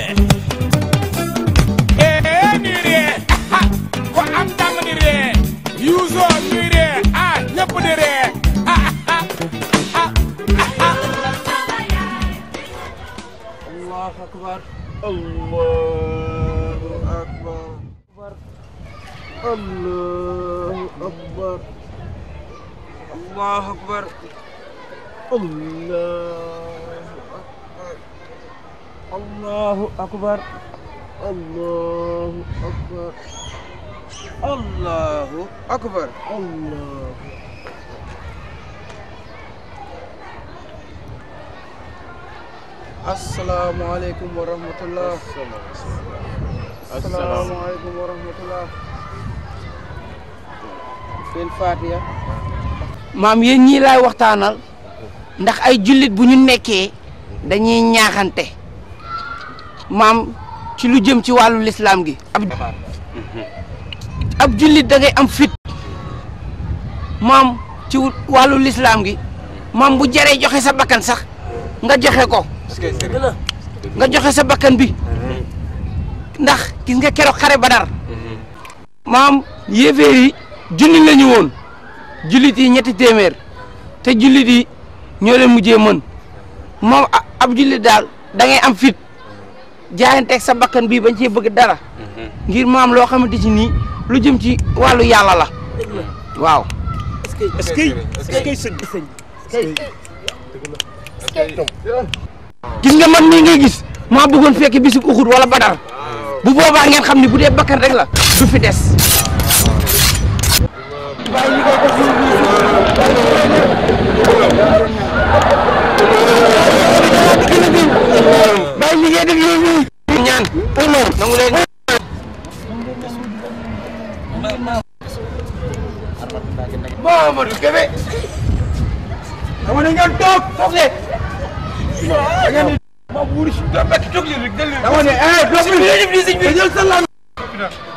ee ñuy ree ko am dam di ree yuuso ñuy ree ah ñëpp di ree allahu akbar allahu akbar allahu akbar allahu akbar allah allahu akbar allahu akbar allahu akbar allah asalaamaaleykum wa rahmatullah asalaamaaleykum wa rahmatullah seen Fatiha maam yéen ñii laay waxtaanal ndax ay jullit bu ñu nekkee dañuy ñaaxante maam ci lu jëm ci wàllu lislaam gi ab ab jullit da ngay am fit maam ci wàllu lislaam gi maam bu jëree joxe sa bakkan sax nga joxe ko nga joxe sa bakkan bi ndax gis nga keroog xare badar maam yéeféer yi junni woon jullit yi ñetti téeméer te jullit yi ñoo leen mu mën moom ab jullit daal da ngay am fit jaayanteeg sa bakkan bii bañ cee bëgg dara. ngir maam loo xamante ci nii lu jëm ci wàllu yàlla la. waaw. est-ce que est-ce que gis nga man nii ngay gis maa bëggoon fekk bisu Uhud wala Badar bu boobaa ngeen xam ni bu dee bakkan rek la du fi des. ñu ñaan nangu leen Mamadou Kébé dama ne ngeen toog toog leen da ngeen di ma wuuri si do bekk toog leen rek del leen dama ne eh do bi ñu def ni